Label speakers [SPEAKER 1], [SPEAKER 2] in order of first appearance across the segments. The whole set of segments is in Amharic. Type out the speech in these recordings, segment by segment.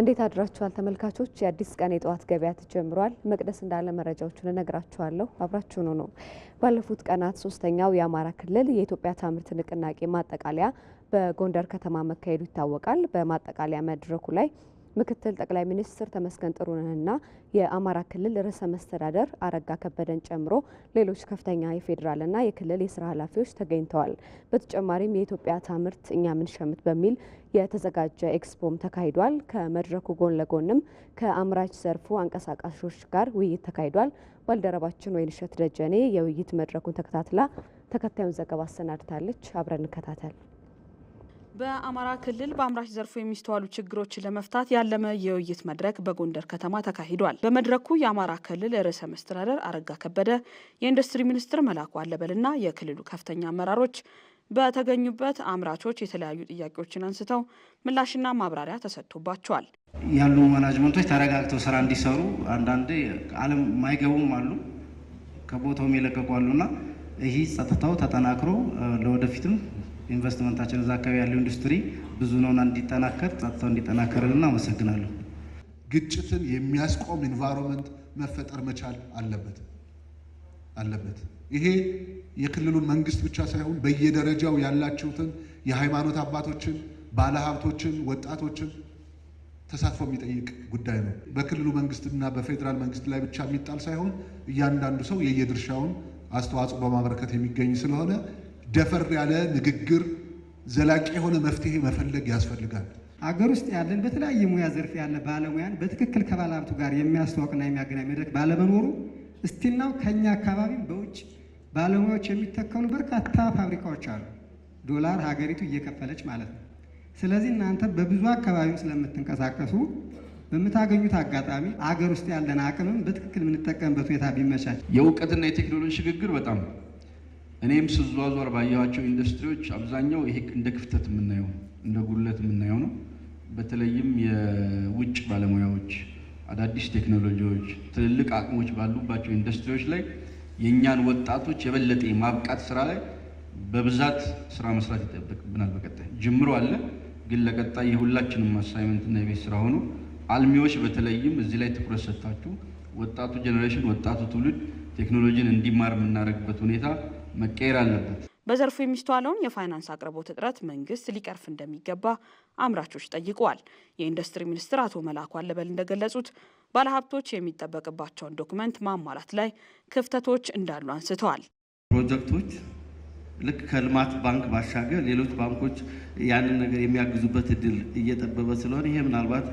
[SPEAKER 1] እንዴት አድራችኋል ተመልካቾች? የአዲስ ቀን የጠዋት ገበያ ተጀምሯል። መቅደስ እንዳለ መረጃዎቹን እነግራችኋለሁ፣ አብራችሁኑ ነው። ባለፉት ቀናት ሶስተኛው የአማራ ክልል የኢትዮጵያ ታምርት ንቅናቄ ማጠቃለያ በጎንደር ከተማ መካሄዱ ይታወቃል። በማጠቃለያ መድረኩ ላይ ምክትል ጠቅላይ ሚኒስትር ተመስገን ጥሩነህና የአማራ ክልል ርዕሰ መስተዳደር አረጋ ከበደን ጨምሮ ሌሎች ከፍተኛ የፌዴራልና የክልል የስራ ኃላፊዎች ተገኝተዋል። በተጨማሪም የኢትዮጵያ ታምርት እኛ ምንሸምት በሚል የተዘጋጀ ኤክስፖም ተካሂዷል። ከመድረኩ ጎን ለጎንም ከአምራች ዘርፉ አንቀሳቃሾች ጋር ውይይት ተካሂዷል። ባልደረባችን ወይንሸት ደጀኔ የውይይት መድረኩን ተከታትላ ተከታዩን ዘገባ አሰናድታለች። አብረን እንከታተል። በአማራ ክልል በአምራች ዘርፉ የሚስተዋሉ ችግሮችን ለመፍታት ያለመ የውይይት መድረክ በጎንደር ከተማ ተካሂዷል። በመድረኩ የአማራ ክልል ርዕሰ መስተዳደር አረጋ ከበደ፣ የኢንዱስትሪ ሚኒስትር መላኩ አለበልና የክልሉ ከፍተኛ አመራሮች በተገኙበት አምራቾች የተለያዩ ጥያቄዎችን አንስተው ምላሽና ማብራሪያ ተሰጥቶባቸዋል።
[SPEAKER 2] ያሉ ማናጅመንቶች ተረጋግተው ስራ እንዲሰሩ አንዳንዴ አለም ማይገቡም አሉ ከቦታውም የለቀቁ አሉና ይህ ጸጥታው ተጠናክሮ ለወደፊትም ኢንቨስትመንታችን እዛ አካባቢ ያለው ኢንዱስትሪ ብዙ ነውና እንዲጠናከር ጸጥታው እንዲጠናከርልን አመሰግናለሁ።
[SPEAKER 3] ግጭትን የሚያስቆም ኢንቫይሮንመንት መፈጠር መቻል አለበት አለበት። ይሄ የክልሉን መንግስት ብቻ ሳይሆን በየደረጃው ያላችሁትን የሃይማኖት አባቶችን፣ ባለሀብቶችን፣ ወጣቶችን ተሳትፎ የሚጠይቅ ጉዳይ ነው። በክልሉ መንግስትና በፌዴራል መንግስት ላይ ብቻ የሚጣል ሳይሆን እያንዳንዱ ሰው የየድርሻውን አስተዋጽኦ በማበረከት የሚገኝ ስለሆነ ደፈር ያለ ንግግር፣ ዘላቂ የሆነ መፍትሄ መፈለግ ያስፈልጋል።
[SPEAKER 4] አገር ውስጥ ያለን በተለያየ ሙያ ዘርፍ ያለ ባለሙያን በትክክል ከባለሀብቱ ጋር የሚያስተዋውቅና የሚያገናኝ መድረክ ባለመኖሩ እስቲናው ከኛ አካባቢም በውጭ ባለሙያዎች የሚተከሉ በርካታ ፋብሪካዎች አሉ። ዶላር ሀገሪቱ እየከፈለች ማለት ነው። ስለዚህ እናንተ በብዙ አካባቢም ስለምትንቀሳቀሱ በምታገኙት አጋጣሚ አገር ውስጥ ያለን አቅምም በትክክል የምንጠቀምበት ሁኔታ ቢመቻች
[SPEAKER 5] የእውቀትና የቴክኖሎጂ ሽግግር በጣም እኔም ስዟዟር ባየኋቸው ኢንዱስትሪዎች አብዛኛው ይሄ እንደ ክፍተት የምናየው እንደ ጉድለት የምናየው ነው። በተለይም የውጭ ባለሙያዎች፣ አዳዲስ ቴክኖሎጂዎች፣ ትልልቅ አቅሞች ባሉባቸው ኢንዱስትሪዎች ላይ የእኛን ወጣቶች የበለጠ የማብቃት ስራ ላይ በብዛት ስራ መስራት ይጠበቅብናል። በቀጣይ ጅምሮ አለ፣ ግን ለቀጣይ የሁላችንም አሳይመንት እና የቤት ስራ ሆኖ አልሚዎች በተለይም እዚህ ላይ ትኩረት ሰጥታችሁ ወጣቱ ጀኔሬሽን ወጣቱ ትውልድ ቴክኖሎጂን እንዲማር የምናደርግበት ሁኔታ መቀየር አለበት።
[SPEAKER 1] በዘርፉ የሚስተዋለውን የፋይናንስ አቅርቦት እጥረት መንግስት ሊቀርፍ እንደሚገባ አምራቾች ጠይቀዋል። የኢንዱስትሪ ሚኒስትር አቶ መላኩ አለበል እንደገለጹት ባለሀብቶች የሚጠበቅባቸውን ዶክመንት ማሟላት ላይ ክፍተቶች እንዳሉ አንስተዋል።
[SPEAKER 5] ፕሮጀክቶች ልክ ከልማት ባንክ ባሻገር ሌሎች ባንኮች ያንን ነገር የሚያግዙበት እድል እየጠበበ ስለሆነ ይሄ ምናልባት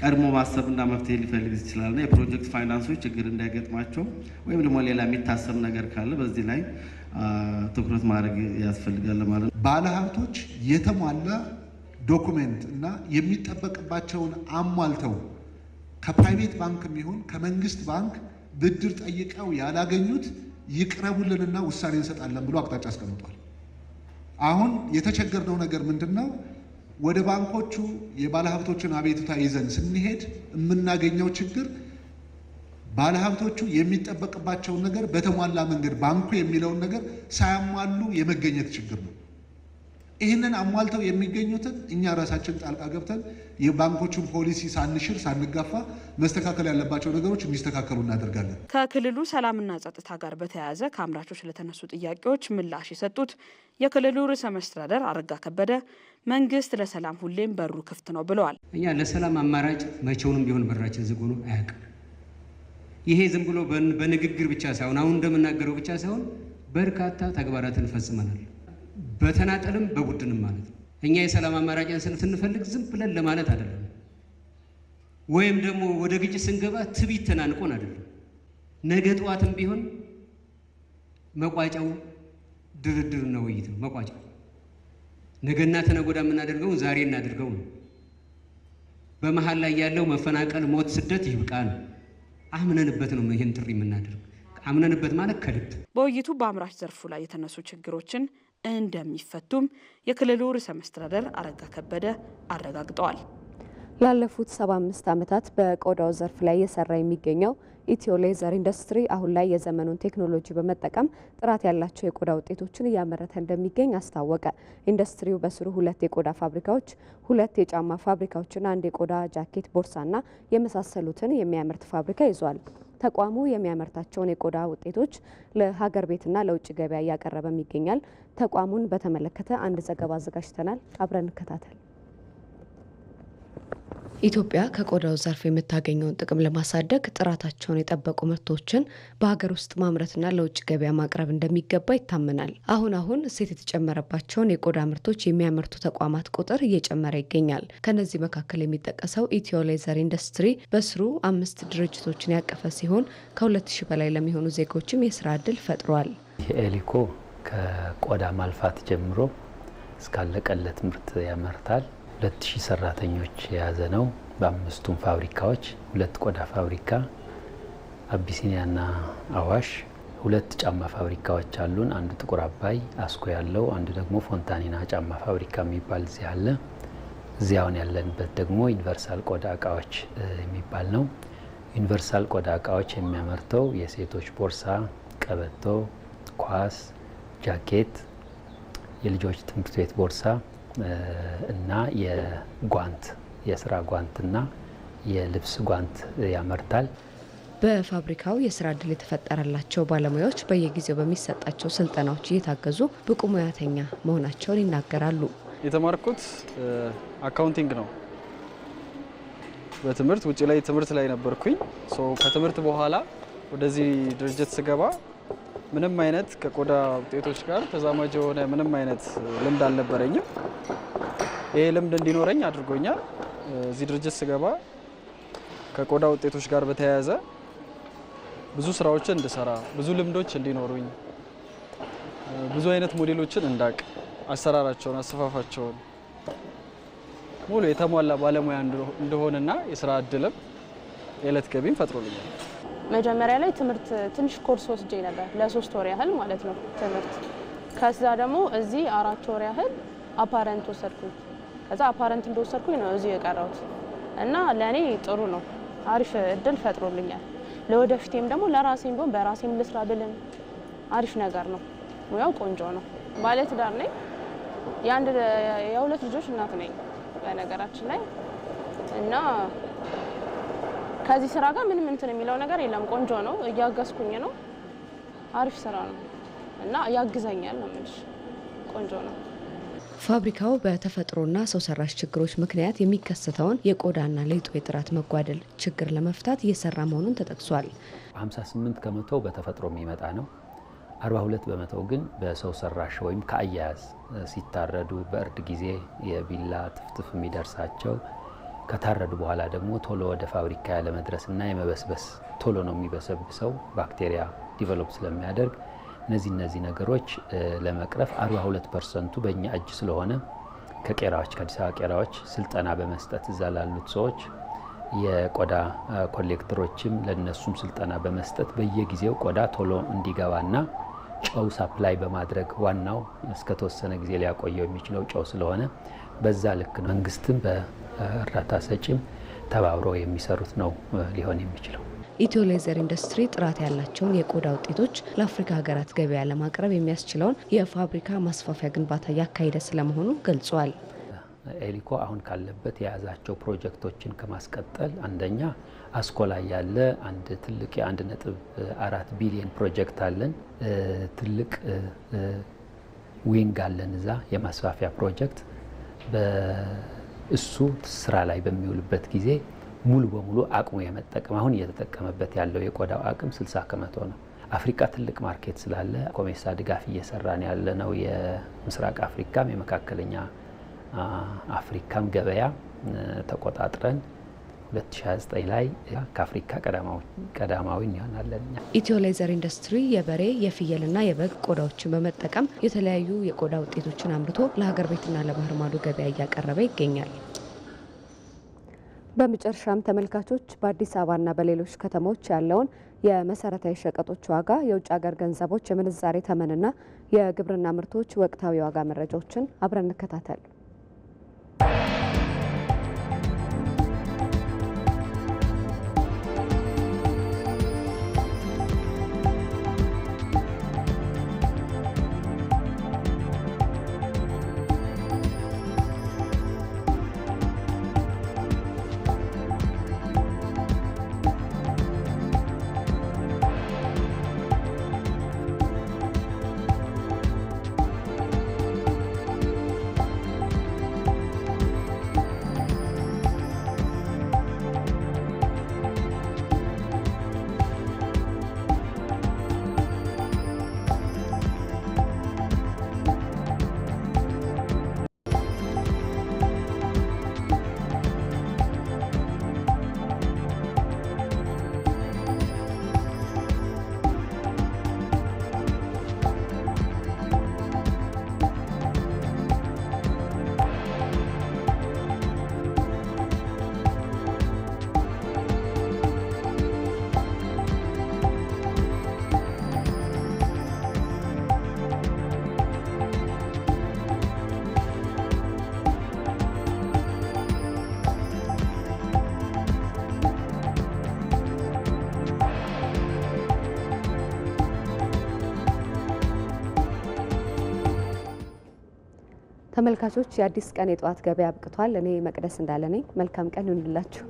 [SPEAKER 5] ቀድሞ ማሰብና መፍትሄ ሊፈልግ ይችላልና የፕሮጀክት ፋይናንሶች ችግር እንዳይገጥማቸው ወይም ደግሞ ሌላ የሚታሰብ ነገር ካለ በዚህ ላይ ትኩረት ማድረግ ያስፈልጋል ማለት ነው።
[SPEAKER 3] ባለሀብቶች የተሟላ ዶኩሜንት እና የሚጠበቅባቸውን አሟልተው ከፕራይቬት ባንክ የሚሆን ከመንግስት ባንክ ብድር ጠይቀው ያላገኙት ይቅረቡልንና ውሳኔ እንሰጣለን ብሎ አቅጣጫ አስቀምጧል። አሁን የተቸገርነው ነገር ምንድን ነው? ወደ ባንኮቹ የባለሀብቶችን አቤቱታ ይዘን ስንሄድ የምናገኘው ችግር ባለሀብቶቹ የሚጠበቅባቸውን ነገር በተሟላ መንገድ ባንኩ የሚለውን ነገር ሳያሟሉ የመገኘት ችግር ነው። ይህንን አሟልተው የሚገኙትን እኛ ራሳችን ጣልቃ ገብተን የባንኮቹን ፖሊሲ ሳንሽር ሳንጋፋ መስተካከል ያለባቸው ነገሮች እንዲስተካከሉ እናደርጋለን።
[SPEAKER 1] ከክልሉ ሰላምና ጸጥታ ጋር በተያያዘ ከአምራቾች ለተነሱ ጥያቄዎች ምላሽ የሰጡት የክልሉ ርዕሰ መስተዳደር አረጋ ከበደ መንግስት ለሰላም ሁሌም በሩ ክፍት ነው ብለዋል።
[SPEAKER 6] እኛ ለሰላም አማራጭ መቼውንም ቢሆን በራችን ዝግ ሆኖ አያውቅም። ይሄ ዝም ብሎ በንግግር ብቻ ሳይሆን አሁን እንደምናገረው ብቻ ሳይሆን በርካታ ተግባራትን ፈጽመናል። በተናጠልም በቡድንም ማለት ነው። እኛ የሰላም አማራጭን ስንፈልግ ዝም ብለን ለማለት አይደለም፣ ወይም ደግሞ ወደ ግጭት ስንገባ ትቢት ተናንቆን አይደለም። ነገ ጠዋትም ቢሆን መቋጫው ድርድርና ውይይት ነው። መቋጫው ነገና ተነጎዳ የምናደርገውን ዛሬ እናድርገው ነው። በመሀል ላይ ያለው መፈናቀል፣ ሞት፣ ስደት ይብቃ ነው። አምነንበት ነው ይህን ጥሪ የምናደርግ። አምነንበት ማለት ከልብ።
[SPEAKER 1] በውይይቱ በአምራች ዘርፉ ላይ የተነሱ ችግሮችን እንደሚፈቱም የክልሉ ርዕሰ መስተዳደር አረጋ ከበደ አረጋግጠዋል። ላለፉት አምስት ዓመታት በቆዳው ዘርፍ ላይ የሰራ የሚገኘው ኢትዮ ሌዘር ኢንዱስትሪ አሁን ላይ የዘመኑን ቴክኖሎጂ በመጠቀም ጥራት ያላቸው የቆዳ ውጤቶችን እያመረተ እንደሚገኝ አስታወቀ። ኢንዱስትሪው በስሩ ሁለት የቆዳ ፋብሪካዎች፣ ሁለት የጫማ ፋብሪካዎችና አንድ የቆዳ ጃኬት፣ ቦርሳና የመሳሰሉትን የሚያመርት ፋብሪካ ይዟል። ተቋሙ የሚያመርታቸውን የቆዳ ውጤቶች ለሀገር ቤትና ለውጭ ገበያ እያቀረበም ይገኛል። ተቋሙን በተመለከተ አንድ ዘገባ አዘጋጅተናል። አብረን እንከታተል። ኢትዮጵያ ከቆዳው ዘርፍ የምታገኘውን ጥቅም ለማሳደግ ጥራታቸውን የጠበቁ ምርቶችን በሀገር ውስጥ ማምረትና ለውጭ ገበያ ማቅረብ እንደሚገባ ይታመናል። አሁን አሁን እሴት የተጨመረባቸውን የቆዳ ምርቶች የሚያመርቱ ተቋማት ቁጥር እየጨመረ ይገኛል። ከነዚህ መካከል የሚጠቀሰው ኢትዮ ሌዘር ኢንዱስትሪ በስሩ አምስት ድርጅቶችን ያቀፈ ሲሆን ከ2000 በላይ ለሚሆኑ ዜጎችም የስራ እድል ፈጥሯል።
[SPEAKER 7] ኤሊኮ ከቆዳ ማልፋት ጀምሮ እስካለቀለት ምርት ያመርታል። ሁለት ሺህ ሰራተኞች የያዘ ነው። በአምስቱም ፋብሪካዎች ሁለት ቆዳ ፋብሪካ፣ አቢሲኒያና አዋሽ ሁለት ጫማ ፋብሪካዎች አሉን። አንዱ ጥቁር አባይ አስኮ ያለው፣ አንዱ ደግሞ ፎንታኒና ጫማ ፋብሪካ የሚባል እዚህ አለ። እዚያውን ያለንበት ደግሞ ዩኒቨርሳል ቆዳ እቃዎች የሚባል ነው። ዩኒቨርሳል ቆዳ እቃዎች የሚያመርተው የሴቶች ቦርሳ፣ ቀበቶ፣ ኳስ፣ ጃኬት፣ የልጆች ትምህርት ቤት ቦርሳ እና የጓንት የስራ ጓንትና የልብስ ጓንት ያመርታል።
[SPEAKER 1] በፋብሪካው የስራ እድል የተፈጠረላቸው ባለሙያዎች በየጊዜው በሚሰጣቸው ስልጠናዎች እየታገዙ ብቁ ሙያተኛ መሆናቸውን ይናገራሉ።
[SPEAKER 8] የተማርኩት አካውንቲንግ ነው። በትምህርት ውጭ ላይ ትምህርት ላይ ነበርኩኝ። ከትምህርት በኋላ ወደዚህ ድርጅት ስገባ ምንም አይነት ከቆዳ ውጤቶች ጋር ተዛማጅ የሆነ ምንም አይነት ልምድ አልነበረኝም። ይሄ ልምድ እንዲኖረኝ አድርጎኛል። እዚህ ድርጅት ስገባ ከቆዳ ውጤቶች ጋር በተያያዘ ብዙ ስራዎችን እንድሰራ፣ ብዙ ልምዶች እንዲኖሩኝ፣ ብዙ አይነት ሞዴሎችን እንዳቅ፣ አሰራራቸውን፣ አሰፋፋቸውን ሙሉ የተሟላ ባለሙያ እንደሆንና የስራ እድልም የዕለት ገቢም ፈጥሮልኛል።
[SPEAKER 9] መጀመሪያ ላይ ትምህርት ትንሽ ኮርስ ወስጄ ነበር ለሶስት ወር ያህል ማለት ነው ትምህርት። ከዛ ደግሞ እዚህ አራት ወር ያህል አፓረንት ወሰድኩኝ። ከዛ አፓረንት እንደወሰድኩኝ ነው እዚህ የቀረሁት እና ለእኔ ጥሩ ነው፣ አሪፍ እድል ፈጥሮልኛል። ለወደፊቴም ደግሞ ለራሴም ቢሆን በራሴም ልስራ ብልን አሪፍ ነገር ነው። ሙያው ቆንጆ ነው። ባለትዳር ነኝ። የአንድ የሁለት ልጆች እናት ነኝ በነገራችን ላይ እና ከዚህ ስራ ጋር ምንም እንትን የሚለው ነገር የለም። ቆንጆ ነው፣ እያገዝኩኝ ነው። አሪፍ ስራ ነው እና ያግዘኛል ነው የምልሽ። ቆንጆ ነው።
[SPEAKER 1] ፋብሪካው በተፈጥሮና ሰው ሰራሽ ችግሮች ምክንያት የሚከሰተውን የቆዳና ሌጦ የጥራት መጓደል ችግር ለመፍታት እየሰራ መሆኑን ተጠቅሷል።
[SPEAKER 7] 58 ከመቶ በተፈጥሮ የሚመጣ ነው። 42 በመቶ ግን በሰው ሰራሽ ወይም ከአያያዝ ሲታረዱ በእርድ ጊዜ የቢላ ትፍትፍ የሚደርሳቸው ከታረዱ በኋላ ደግሞ ቶሎ ወደ ፋብሪካ ያለመድረስና የመበስበስ ቶሎ ነው የሚበሰብሰው ባክቴሪያ ዲቨሎፕ ስለሚያደርግ እነዚህ እነዚህ ነገሮች ለመቅረፍ 42 ፐርሰንቱ በእኛ እጅ ስለሆነ ከቄራዎች ከአዲስ አበባ ቄራዎች ስልጠና በመስጠት እዛ ላሉት ሰዎች የቆዳ ኮሌክተሮችም ለነሱም ስልጠና በመስጠት በየጊዜው ቆዳ ቶሎ እንዲገባና ጨው ሳፕላይ በማድረግ ዋናው እስከተወሰነ ጊዜ ሊያቆየው የሚችለው ጨው ስለሆነ በዛ ልክ ነው መንግስትም እርዳታ ሰጪም ተባብሮ የሚሰሩት ነው ሊሆን የሚችለው።
[SPEAKER 1] ኢትዮ ሌዘር ኢንዱስትሪ ጥራት ያላቸውን የቆዳ ውጤቶች ለአፍሪካ ሀገራት ገበያ ለማቅረብ የሚያስችለውን የፋብሪካ ማስፋፊያ ግንባታ እያካሄደ ስለመሆኑ ገልጿል።
[SPEAKER 7] ኤሊኮ አሁን ካለበት የያዛቸው ፕሮጀክቶችን ከማስቀጠል አንደኛ አስኮ ላይ ያለ አንድ ትልቅ የአንድ ነጥብ አራት ቢሊየን ፕሮጀክት አለን። ትልቅ ዊንግ አለን እዛ የማስፋፊያ ፕሮጀክት እሱ ስራ ላይ በሚውልበት ጊዜ ሙሉ በሙሉ አቅሙ የመጠቀም አሁን እየተጠቀመበት ያለው የቆዳው አቅም 60 ከመቶ ነው። አፍሪካ ትልቅ ማርኬት ስላለ ኮሜሳ ድጋፍ እየሰራን ያለ ነው። የምስራቅ አፍሪካም የመካከለኛ አፍሪካም ገበያ ተቆጣጥረን 2029 ላይ ከአፍሪካ ቀዳማዊ እንሆናለን።
[SPEAKER 1] ኢትዮ ሌዘር ኢንዱስትሪ የበሬ የፍየልና የበግ ቆዳዎችን በመጠቀም የተለያዩ የቆዳ ውጤቶችን አምርቶ ለሀገር ቤትና ለባህር ማዶ ገበያ እያቀረበ ይገኛል። በመጨረሻም ተመልካቾች በአዲስ አበባና በሌሎች ከተሞች ያለውን የመሰረታዊ ሸቀጦች ዋጋ፣ የውጭ ሀገር ገንዘቦች የምንዛሬ ተመንና የግብርና ምርቶች ወቅታዊ ዋጋ መረጃዎችን አብረን እንከታተል። ተመልካቾች የአዲስ ቀን የጠዋት ገበያ አብቅቷል። እኔ መቅደስ እንዳለ ነኝ። መልካም ቀን ይሁንላችሁ።